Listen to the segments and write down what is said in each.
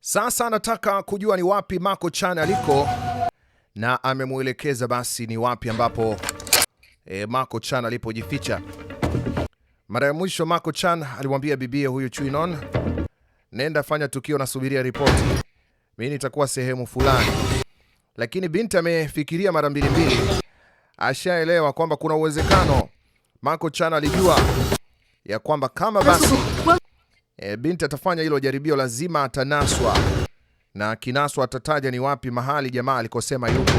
Sasa anataka kujua ni wapi Mako Chan aliko na amemwelekeza basi ni wapi ambapo e, eh, Mako Chan alipojificha. Mara ya mwisho Mako Chan alimwambia bibie huyu Chuinon, nenda fanya tukio, nasubiria ripoti, mi nitakuwa sehemu fulani. Lakini binti amefikiria mara mbili mbili, ashaelewa kwamba kuna uwezekano Mako Chan alijua ya kwamba kama basi e, binti atafanya hilo jaribio, lazima atanaswa, na kinaswa atataja ni wapi mahali jamaa alikosema yupo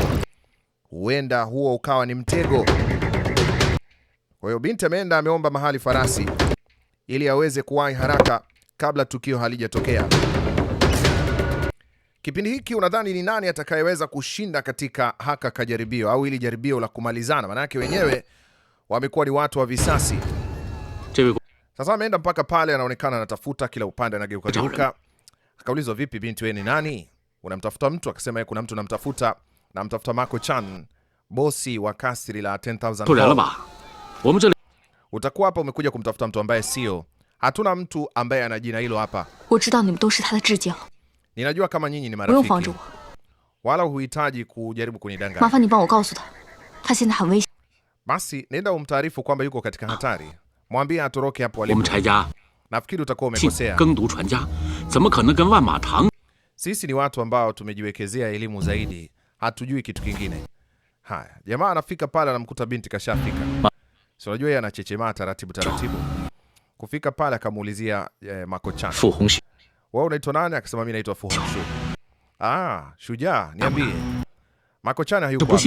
Huenda huo ukawa ni mtego. Kwa hiyo binti ameenda ameomba mahali farasi ili aweze kuwahi haraka kabla tukio halijatokea. Kipindi hiki unadhani ni nani atakayeweza kushinda katika haka kajaribio au hili jaribio la kumalizana? Maanake wenyewe wamekuwa ni watu wa visasi. Sasa ameenda mpaka pale, anaonekana anatafuta kila upande, anageuka geuka. Akaulizwa, vipi binti, wewe ni nani? Unamtafuta mtu? Akasema yeye eh, kuna mtu namtafuta, namtafuta Marco Chan, bosi wa kasri la 10000. Utakuwa hapa umekuja kumtafuta mtu ambaye sio, hatuna mtu ambaye ana jina hilo hapa. Ninajua kama nyinyi ni marafiki, wala huhitaji kujaribu kunidanganya. Basi nenda umtaarifu kwamba yuko katika ah. hatari. Mwambie atoroke hapo alipo. Nafikiri utakuwa umekosea. tang. Sisi ni watu ambao tumejiwekezea elimu zaidi, hatujui kitu kingine. Haya, jamaa anafika pale anamkuta binti kashafika. So unajua yeye anachechemaa taratibu taratibu. Kufika pale akamuulizia eh, makocha. Wewe unaitwa nani? Akasema mimi naitwa Fu Hongxue. Ah, shujaa, niambie. Makocha hayuko.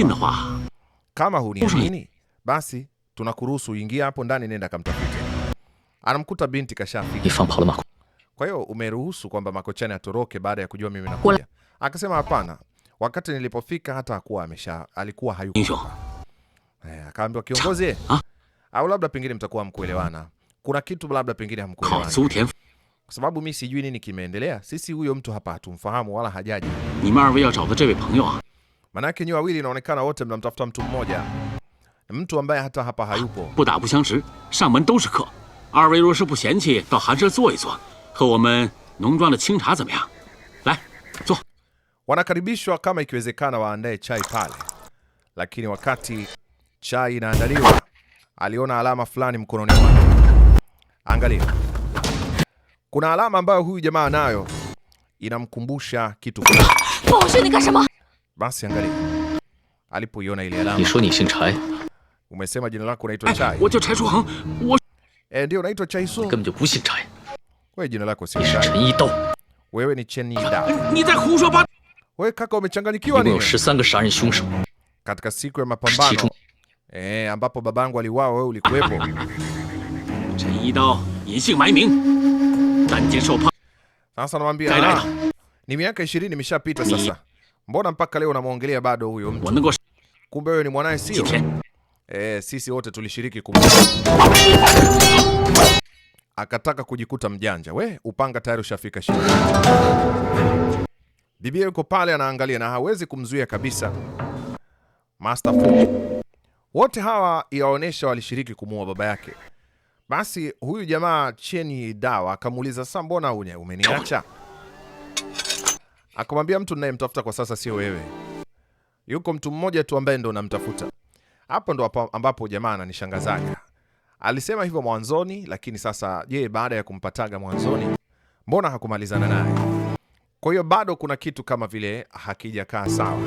Kama huniamini, basi tunakuruhusu ingia hapo ndani, nenda kamtafute. Anamkuta binti kashafika. Kwa hiyo umeruhusu kwamba Makochani atoroke baada ya kujua mimi nakuja? Akasema hapana, wakati nilipofika hata hakuwa amesha, alikuwa hayuko. Eh, akaambiwa kiongozi, au labda pengine mtakuwa mkuelewana, kuna kitu labda pengine hamkuelewana kwa sababu mi sijui nini kimeendelea. Sisi huyo mtu hapa hatumfahamu wala hajaji. Manake nyi wawili inaonekana wote mnamtafuta mtu mmoja mtu ambaye hata hapa hayupo. 不打不相识，上门都是客。二位若是不嫌弃，到寒舍坐一坐，喝我们农庄的清茶怎么样？来，坐。Wanakaribishwa kama ikiwezekana waandae chai pale, lakini wakati chai inaandaliwa, aliona alama fulani mkononi mwake. Angalia, kuna alama ambayo huyu jamaa nayo inamkumbusha kitu fulani. Basi angalia alipoiona ile alama. Umesema jina lako unaitwa Chai. Eh, ndio unaitwa Chai Su. Wewe jina lako si Chai. Wewe ni Chen Yida. Wewe kaka umechanganyikiwa nini? Katika siku ya mapambano eh, ambapo babangu aliuawa wewe ulikuwepo. Sasa namwambia ah, ni miaka 20 imeshapita sasa. Mbona mpaka leo unamwongelea bado huyo mtu? Kumbe wewe ni mwanae sio? e, sisi wote tulishiriki kum... akataka kujikuta mjanja. We upanga tayari ushafika shini. Bibi yuko pale anaangalia na hawezi kumzuia kabisa. Master Fu. Wote hawa yaonesha walishiriki kumuua baba yake. Basi huyu jamaa Cheni Dawa akamuuliza sasa, mbona umeniacha? Akamwambia mtu ninayemtafuta kwa sasa sio wewe, yuko mtu mmoja tu ambaye ndo namtafuta. Hapo ndo ambapo jamaa ananishangazaga. Alisema hivyo mwanzoni, lakini sasa je, baada ya kumpataga mwanzoni, mbona hakumalizana naye? Kwa hiyo bado kuna kitu kama vile hakijakaa sawa.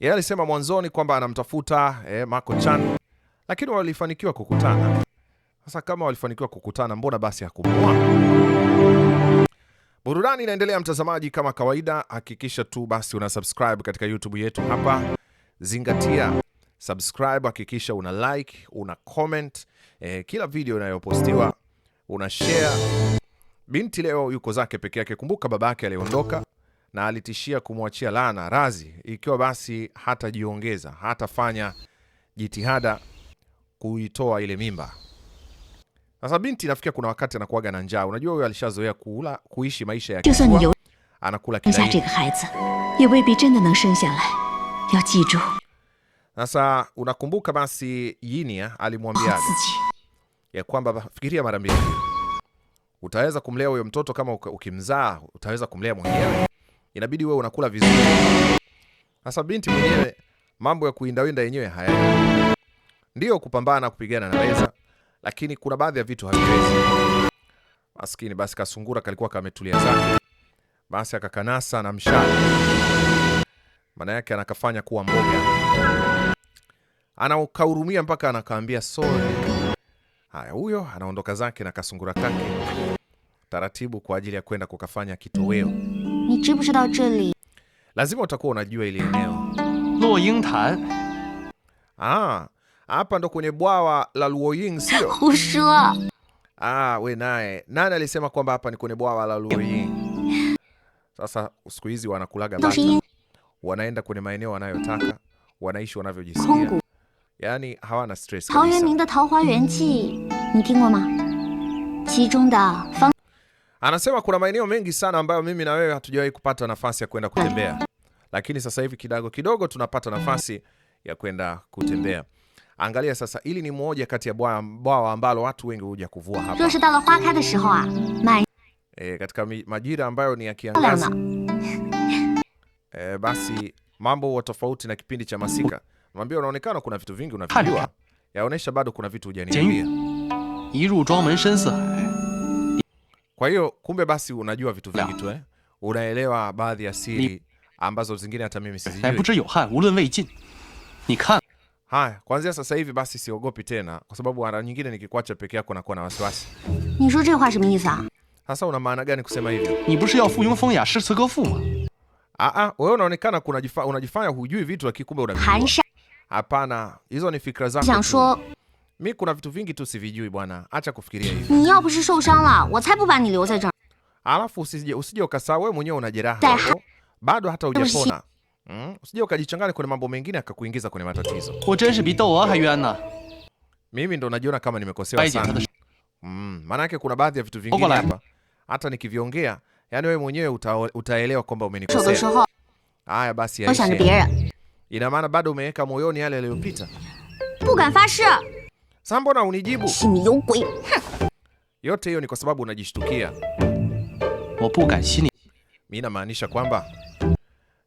Yeye alisema mwanzoni kwamba anamtafuta eh, Marco Chan, lakini walifanikiwa kukutana. Sasa kama walifanikiwa kukutana, mbona basi hakumwona? Burudani inaendelea, mtazamaji, kama kawaida, hakikisha tu basi una subscribe katika YouTube yetu hapa. Zingatia subscribe, hakikisha una like, una comment eh, kila video inayopostiwa una share. Binti leo yuko zake peke yake. Kumbuka baba yake aliondoka na alitishia kumwachia lana razi, ikiwa basi hatajiongeza, hatafanya jitihada kuitoa ile mimba. Sasa binti nafikia kuna wakati anakuaga na njaa. Unajua huyo alishazoea kula, kuishi maisha ya kifua, anakula kila kitu. Sasa unakumbuka basi Yinia eh, alimwambia ah, ya kwamba fikiria mara mbili, utaweza kumlea huyo mtoto kama ukimzaa, utaweza kumlea mwenyewe, inabidi wewe unakula vizuri. Sasa binti mwenyewe mambo ya kuindawinda yenyewe haya, ndiyo kupambana kupigana naweza, lakini kuna baadhi ya vitu haviwezi. Maskini basi kasungura kalikuwa kametulia zake, basi akakanasa na mshale, maana yake anakafanya kuwa mboga anakaurumia mpaka anakaambia sorry. Haya, huyo anaondoka zake na kasungura kake taratibu kwa ajili ya kwenda kukafanya kitoweo. Lazima utakuwa unajua ile eneo Luoyingtan. Ah, hapa ndo kwenye bwawa la Luoying, sio? Ah, we naye nani alisema kwamba hapa ni kwenye bwawa la Luoying? Sasa siku hizi wanakulaga bata, wanaenda kwenye maeneo wanayotaka, wanaishi wanavyojisikia yani hawana stress. 陶渊明的《桃花源记》你听过吗？其中的方 anasema kuna maeneo mengi sana ambayo mimi na wewe hatujawahi kupata nafasi ya kwenda kutembea, lakini sasa hivi kidogo kidogo tunapata nafasi ya kwenda kutembea. Angalia sasa, hili ni moja kati ya bwawa ambalo watu wengi huja kuvua hapa e, katika majira ambayo ni ya kiangazi e, basi mambo huwa tofauti na kipindi cha masika. Mwambie unaonekana kuna vitu vingi unavijua. Yaonesha bado kuna vitu hujaniambia. Kwa hiyo kumbe basi unajua vitu vingi tu eh. Unaelewa baadhi ya siri ambazo zingine hata mimi sizijui. Eh, Haya, kuanzia sasa hivi basi siogopi tena kwa sababu mara nyingine nikikuacha peke yako nakuwa na wasiwasi. Sasa una maana gani kusema hivyo? Ah, ah, wewe unaonekana unajifanya hujui vitu lakini kumbe unavijua. Hapana, hizo ni fikra zangu. zako. Mi kuna vitu vingi tu sivijui bwana, acha kufikiria hivi. Ni ni yao bishi la, bu ba liu zai zhe. Alafu usije usije ukasaa wewe mwenyewe una jeraha bado hata hujapona. Mm, usije ukajichanganya kwenye mambo mengine akakuingiza kwenye matatizo. Wo zhen shi bi dou hai yuan na. Mimi ndo najiona kama nimekosewa sana. Mm, maana yake kuna baadhi ya vitu vingine hapa hata nikiviongea, yani wewe mwenyewe utaelewa kwamba umenikosea. Haya basi. ya. Wo shang bie ren. Ina maana bado umeweka moyoni yale yaliyopita. Sasa mbona unijibu? Yote hiyo ni kwa sababu unajishtukia. Mimi namaanisha kwamba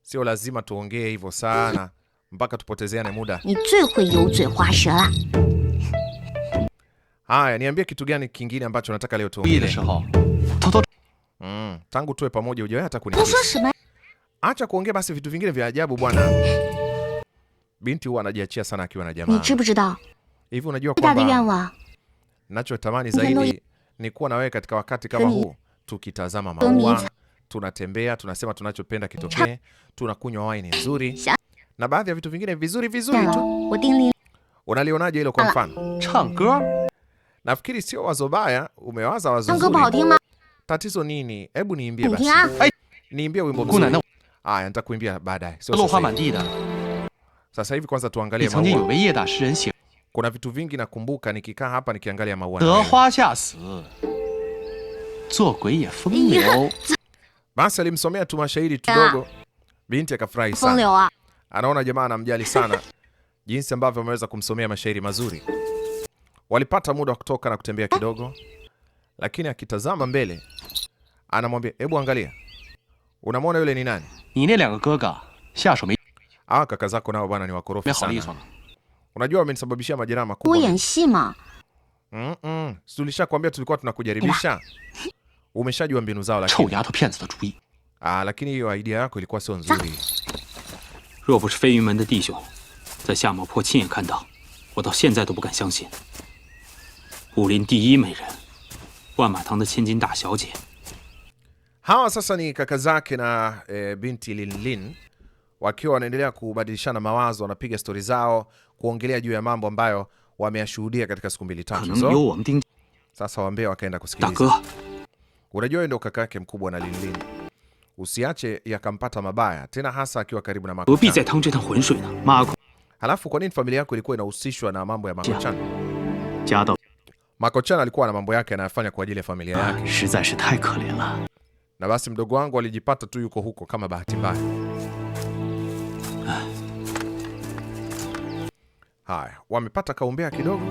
sio lazima tuongee hivyo sana mpaka tupotezeane muda. Haya, niambie kitu gani kingine ambacho nataka leo tuongee. Mm, tangu tuwe pamoja hujawahi hata kuniambia. Acha kuongea basi vitu vingine vya ajabu bwana binti huwa anajiachia sana akiwa na jamaa. Hivi unajua kwamba nachotamani zaidi ni kuwa na wewe katika wakati kama huu, tukitazama maua, tunatembea, tunasema tunachopenda kitokee, tunakunywa waini nzuri na baadhi ya vitu vingine vizuri vizuri tu. Unalionaje hilo? Kwa mfano nafikiri sio wazo baya, umewaza wazo zuri. Tatizo nini? Hebu niimbie basi, niimbie wimbo mzuri. Haya, nitakuimbia baadaye, sio sasa. Sasa hivi kwanza tuangalie maua. Kuna vitu vingi nakumbuka nikikaa hapa nikiangalia maua. Basi alimsomea tu mashairi tudogo, binti akafurahi sana. Anaona jamaa anamjali sana jinsi ambavyo ameweza kumsomea mashairi mazuri. Walipata muda wa kutoka na kutembea kidogo, lakini akitazama mbele anamwambia, hebu angalia, unamwona yule ni nani? Ah, kaka zako nao bwana ni wakorofi sana. Unajua wamenisababishia majeraha makubwa. Mm -mm. Tulishakwambia tulikuwa tunakujaribisha. Umeshajua mbinu zao lakini. Ah, lakini hiyo idea yako ilikuwa sio nzuri. Hawa sasa ni kaka zake na e, binti Linlin wakiwa wanaendelea kubadilishana mawazo, wanapiga stori zao, kuongelea juu ya mambo ambayo wameyashuhudia katika siku mbili tatu So, Sasa wambea wakaenda kusikiliza. Unajua ndio kaka yake mkubwa na Linlin, usiache yakampata mabaya tena, hasa akiwa karibu na Mako. Halafu kwa nini familia yako ilikuwa inahusishwa na mambo ya Mako Chan? Mako Chan alikuwa na mambo yake anayofanya kwa ajili ya familia yake, na basi mdogo wangu alijipata tu yuko huko kama bahati mbaya. Haya, wamepata kaumbea kidogo,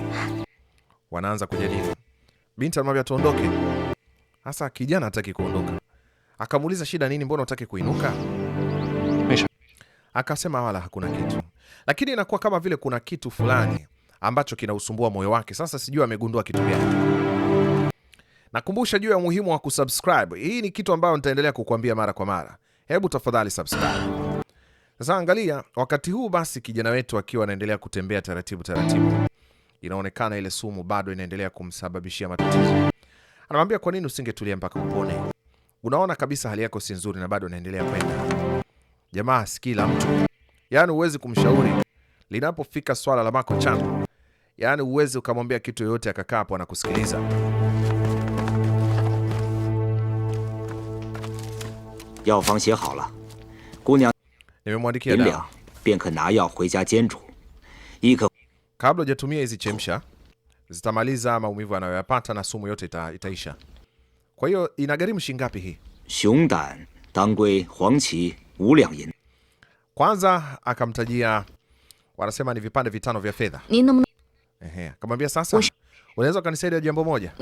wanaanza kujadili. Binti anamwambia tuondoke. Sasa kijana hataki kuondoka, akamuuliza shida nini, mbona utaki kuinuka? Akasema wala hakuna kitu, lakini inakuwa kama vile kuna kitu fulani ambacho kinausumbua moyo wake. Sasa sijui amegundua kitu gani. Nakumbusha juu ya umuhimu wa kusubscribe. Hii ni kitu ambayo nitaendelea kukuambia mara kwa mara. Hebu tafadhali subscribe. Sasa angalia, wakati huu basi kijana wetu akiwa anaendelea kutembea taratibu taratibu, inaonekana ile sumu bado inaendelea kumsababishia matatizo. Anamwambia, kwa nini usingetulia mpaka upone? Unaona kabisa hali yako si nzuri na bado anaendelea kwenda. Jamaa sikila mtu, yaani huwezi kumshauri linapofika swala la mako changu, yaani huwezi ukamwambia kitu yoyote akakaa hapo anakusikiliza. yao fang hao la gunyang nimemwandikia dawa kabla hujatumia hizi chemsha, zitamaliza maumivu anayoyapata na sumu yote ita, itaisha. Kwa hiyo inagharimu shilingi ngapi hii? Kwanza akamtajia, wanasema ni vipande vitano vya fedha. Ehe, akamwambia sasa, unaweza ukanisaidia jambo moja?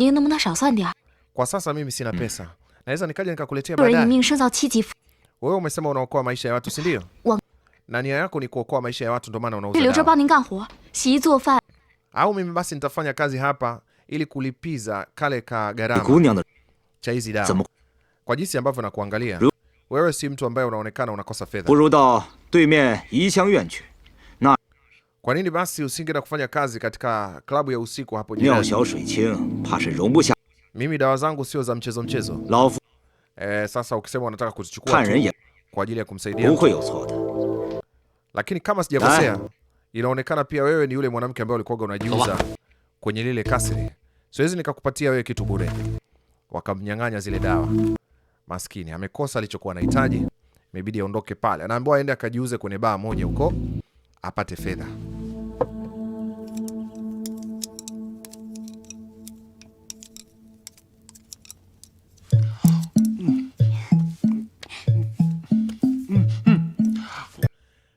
Kwa sasa mimi sina pesa, hmm. naweza nikaja nikakuletea baadaye. Wewe umesema unaokoa maisha ya watu, si ndio? Na nia yako ni kuokoa maisha ya watu, ndio maana unauza dawa. Au mimi basi nitafanya kazi hapa ili kulipiza kale ka gharama cha hizi dawa. Kwa jinsi ambavyo nakuangalia, wewe si mtu ambaye unaonekana unakosa fedha. Kwa nini basi usingeenda kufanya kazi katika klabu ya usiku hapo jirani? Mimi dawa zangu sio za mchezo mchezo. E, sasa ukisema wanataka kuzichukua kwa ajili ya kumsaidia, lakini kama sijakosea, ah. inaonekana pia wewe ni yule mwanamke ambaye ulikuwa unajiuza kwenye lile kasri. Siwezi nikakupatia wewe kitu bure. Wakamnyang'anya zile dawa, maskini amekosa alichokuwa anahitaji, imebidi aondoke pale. Anaambiwa aende akajiuze kwenye baa moja huko apate fedha.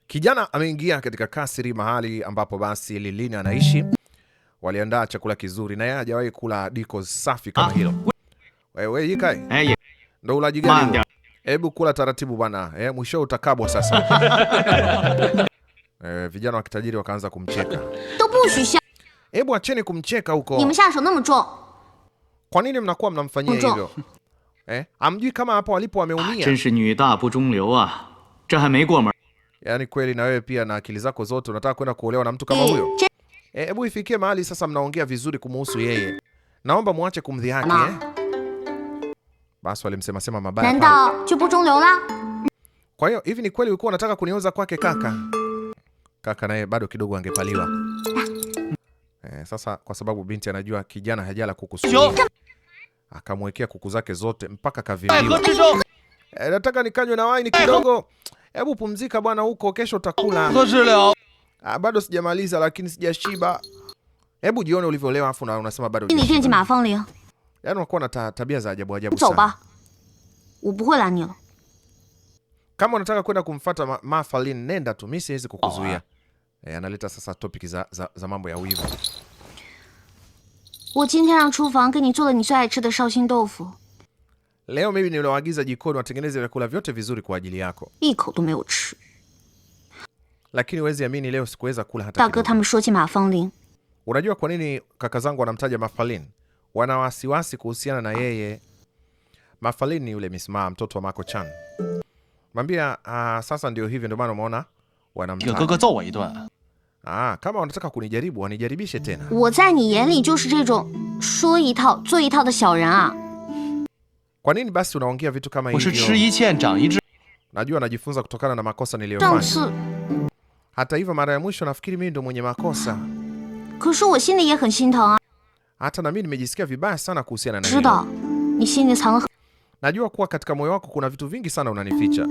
Kijana ameingia katika kasri mahali ambapo basi Lilini anaishi. Waliandaa chakula kizuri na yeye hajawahi kula diko safi kama ah. hilo. Wewe Yikai. Ndio ulaji gani? Hebu kula taratibu bwana. Eh, mwisho utakabwa sasa. Eh, vijana wa kitajiri wakaanza kumcheka. Hebu acheni kumcheka huko. Kwa nini mnakuwa mnamfanyia hivyo? Eh, hamjui kama hapo walipo wameumia. Ah, Yaani kweli na wewe pia na akili zako zote unataka kwenda kuolewa na mtu kama huyo? Eh, eh, hebu ifikie mahali sasa mnaongea vizuri kumhusu yeye. Naomba muache kumdhihaki eh. Basi walimsema sema mabaya pale. Kwa hiyo hivi ni kweli ulikuwa unataka kunioza kwake kaka? Kaka naye bado kidogo angepaliwa. E, sasa kwa sababu binti anajua kijana hajala kukusudia. Akamwekea kuku zake zote mpaka kavimbiwa. E, nataka nikanywe na waini kidogo. Hebu pumzika bwana huko, kesho utakula. Ah, bado sijamaliza lakini sijashiba. Hebu jione ulivyolewa afu na unasema bado. Yaani unakuwa na tabia za ajabu ajabu sana. Kama unataka kwenda kumfuata ma, Ma Fangling nenda tu, mimi siwezi kukuzuia. Eh, analeta sasa topic za, za, za mambo ya wivu. Leo mimi niliwaagiza jikoni watengeneze vyakula vyote vizuri kwa ajili yako. Lakini huwezi amini leo sikuweza kula hata kidogo. Unajua kwa nini kaka zangu wanamtaja Ma Fangling? Wana wasiwasi kuhusiana na yeye. Ma Fangling ni yule mismaa mtoto wa Ma Kongqun. Mwambia, uh, sasa ndio hivyo ndio maana umeona wanamtaja. Ah, kama wanataka kunijaribu, wanijaribishe tena. Kwa nini basi unaongea vitu kama hivyo? Najua najifunza kutokana na makosa niliyofanya. Hata hivyo, mara ya mwisho nafikiri mimi ndo mwenye makosa. Hata na mimi nimejisikia vibaya sana kuhusiana na hilo. Najua kuwa katika moyo wako kuna vitu vingi sana unanificha,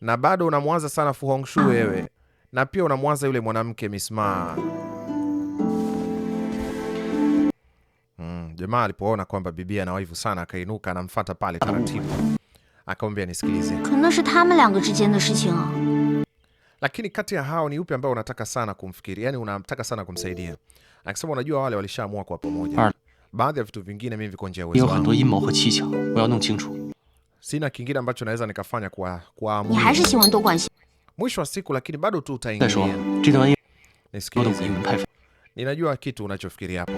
na bado unamwaza sana Fu Hongxue wewe, na pia unamwaza yule mwanamke Miss Ma. jamaa alipoona kwamba bibi ana waivu sana akainuka anamfata pale taratibu. Akamwambia nisikilize. Lakini kati ya hao ni upi ambao unataka sana kumfikiri? yani unataka sana kumsaidia. Akisema unajua wale walishaamua kwa pamoja. Baadhi ya vitu vingine mimi viko nje ya uwezo wangu. Sina kingine ambacho naweza nikafanya kwa kwa mwisho wa siku, lakini bado tu utaingia. Nisikilize. Ninajua kitu unachofikiria hapo.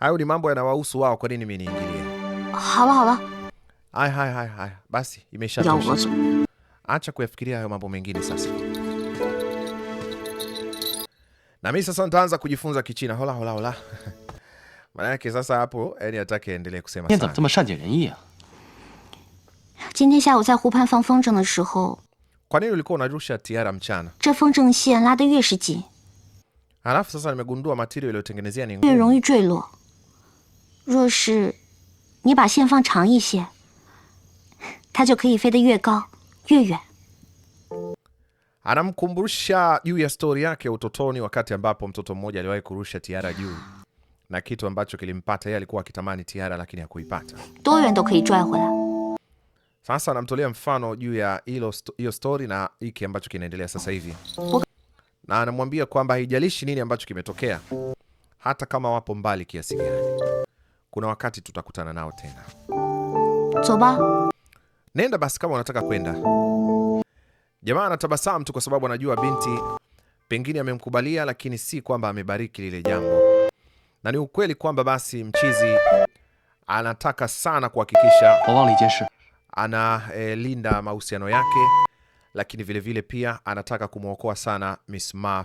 Hayo ni mambo yanawahusu wao, kwa nini mimi niingilie? hawa hawa. Haya haya haya haya, basi imeshatosha. Acha kuyafikiria hayo mambo mengine sasa. Na mimi sasa nitaanza kujifunza Kichina. Hola hola hola. Maana yake sasa hapo, yani atake endelee kusema sana. Kwa nini ulikuwa unarusha tiara mchana? Alafu sasa nimegundua matirio iliyotengenezea ni ngumu. 若是你把线放长一些，它就可以飞得越高越远. Anamkumbusha juu ya stori yake utotoni, wakati ambapo mtoto mmoja aliwahi kurusha tiara juu na kitu ambacho kilimpata yeye, alikuwa akitamani tiara lakini hakuipata. Sasa anamtolea mfano juu ya hiyo stori na hiki ambacho kinaendelea sasa hivi, na anamwambia kwamba haijalishi nini ambacho kimetokea, hata kama wapo mbali kiasi gani kuna wakati tutakutana nao tena. Toba. Nenda basi kama unataka kwenda. Jamaa anatabasamu tu kwa sababu anajua binti pengine amemkubalia, lakini si kwamba amebariki lile jambo, na ni ukweli kwamba basi mchizi anataka sana kuhakikisha analinda eh, e, mahusiano yake, lakini vilevile vile pia anataka kumwokoa sana Miss Ma.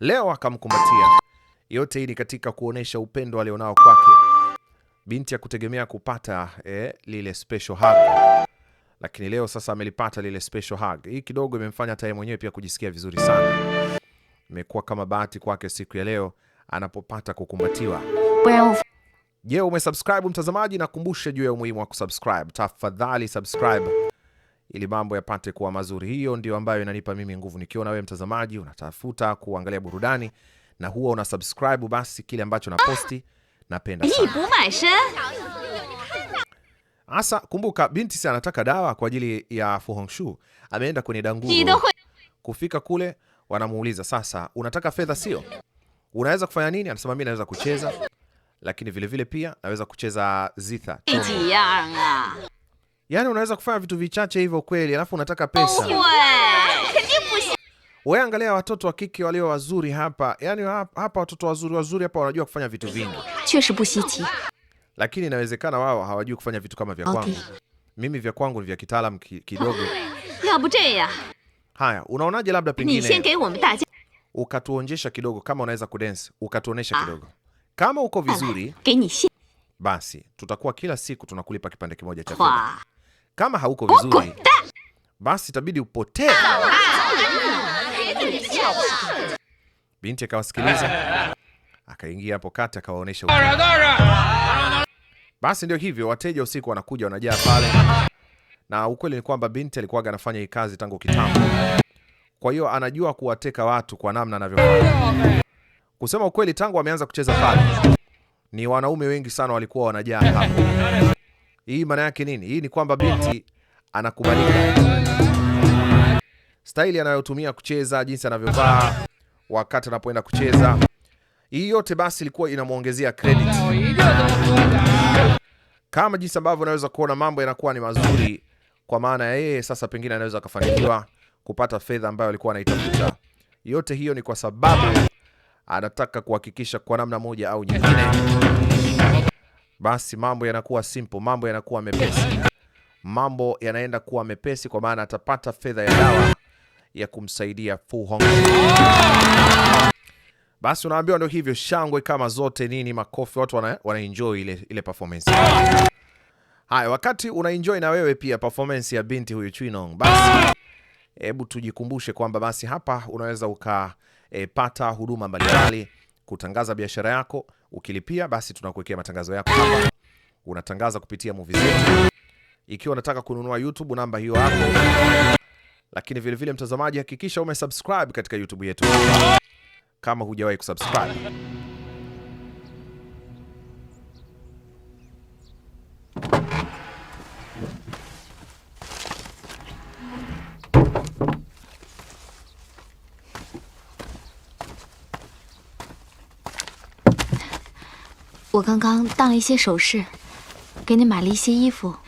Leo akamkumbatia yote hii ni katika kuonesha upendo alionao kwake binti ya kutegemea kupata eh, lile special hug, lakini leo sasa amelipata lile special hug. Hii kidogo imemfanya hata yeye mwenyewe pia kujisikia vizuri sana. Imekuwa kama bahati kwake siku ya leo anapopata kukumbatiwa. Je, umesubscribe mtazamaji? Nakumbusha juu ya umuhimu wa kusubscribe, tafadhali subscribe ili mambo yapate kuwa mazuri. Hiyo ndio ambayo inanipa mimi nguvu, nikiona wewe mtazamaji unatafuta kuangalia burudani na huwa una subscribe basi kile ambacho naposti. Napenda sana. Asa, kumbuka binti si anataka dawa kwa ajili ya Fu Hongxue. Ameenda kwenye danguru. Kufika kule wanamuuliza sasa, unataka fedha sio? Unaweza kufanya nini? Anasema mimi naweza kucheza lakini vile vile pia naweza kucheza zitha. Yaani unaweza kufanya vitu vichache hivyo kweli, alafu unataka pesa. Wewe angalia watoto wa kike walio wazuri hapa, yani hapa watoto wazuri wazuri hapa wanajua kufanya vitu vingi, lakini inawezekana wao hawajui kufanya vitu kama vya kwangu. Okay. Mimi vya kwangu ni vya kitaalam kidogo. Haya, unaonaje, labda pengine ukatuonjesha kidogo, kama unaweza kudance ukatuonyesha kidogo, kama uko vizuri basi tutakuwa kila siku tunakulipa kipande kimoja cha kama hauko vizuri basi itabidi upotee. Binti akawasikiliza akaingia hapo kati akawaonyesha. Basi ndio hivyo, wateja usiku wanakuja wanajaa pale, na ukweli ni kwamba binti alikuwa anafanya hii kazi tangu kitambo, kwa hiyo anajua kuwateka watu kwa namna anavyofanya. Kusema ukweli, tangu ameanza kucheza pale ni wanaume wengi sana walikuwa wanajaa hapo. Hii maana yake nini? Hii ni kwamba binti anakubalika staili anayotumia kucheza, jinsi anavyovaa wakati anapoenda kucheza, hii yote basi ilikuwa inamwongezea credit. Kama jinsi ambavyo unaweza kuona mambo yanakuwa ni mazuri, kwa maana ya yeye sasa pengine anaweza akafanikiwa kupata fedha ambayo alikuwa anaitafuta. Yote hiyo ni kwa sababu anataka kuhakikisha kwa namna moja au nyingine, basi mambo yanakuwa simple, mambo yanakuwa mepesi, mambo yanaenda kuwa mepesi, kwa maana atapata fedha ya dawa ya kumsaidia Fu Hongxue. Basi unaambiwa ndio hivyo, shangwe kama zote nini, makofi, watu wana, wana enjoy ile, ile performance. Haya, wakati una enjoy na wewe pia performance ya binti huyu Chinong, basi hebu tujikumbushe kwamba basi hapa unaweza ukapata eh, e, huduma mbalimbali kutangaza biashara yako. Ukilipia basi tunakuwekea matangazo yako hapa, unatangaza kupitia movie zetu. Ikiwa unataka kununua YouTube, namba hiyo hapo lakini vilevile vile mtazamaji, hakikisha umesubscribe katika YouTube yetu kama hujawahi kusubscribe.